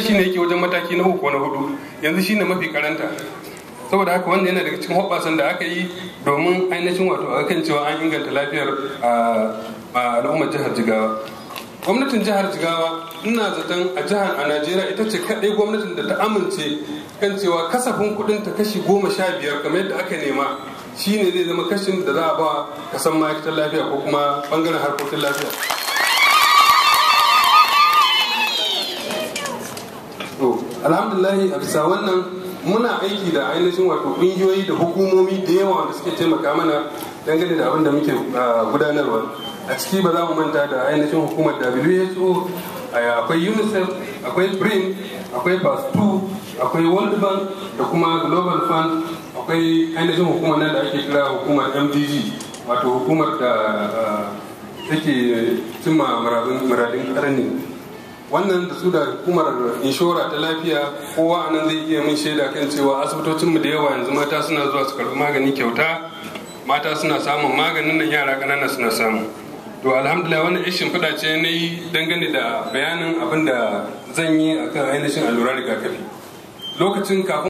shi ne yake wajen mataki na uku na hudu yanzu shi ne mafi karanta saboda haka wannan yana daga cikin hoɓasan da aka yi domin ainihin wato a kan cewa an inganta lafiyar al'ummar jihar jigawa gwamnatin jihar jigawa ina zaton a jihar a najeriya ita ce kaɗai gwamnatin da ta amince kan cewa kasafin kuɗin ta kashi goma sha biyar kamar yadda aka nema shi ne zai zama kashin da za a ba kasan ma'aikatar lafiya ko kuma bangaren harkokin lafiya to alhamdulillah a bisa wannan muna aiki da ainihin wato kungiyoyi da hukumomi da yawa da suke taimaka mana dangane da abin da muke gudanarwa a ciki ba za mu manta da ainihin hukumar WHO akwai UNICEF akwai BRIN akwai pass 2 akwai World Bank da kuma Global Fund akwai ainihin hukumar nan da ake kira hukumar MDG wato hukumar da take cimma muradin karni wannan da su da hukumar inshora ta lafiya kowa a nan zai iya mun shaida kan cewa asibitocinmu da yawa yanzu mata suna zuwa su karɓi magani kyauta mata suna samun maganin nan yara ƙanana suna samu to alhamdulillah wannan ishin fada ce na yi dangane da bayanin abin da zan yi a kan ainihin allurar rigakafi lokacin kafin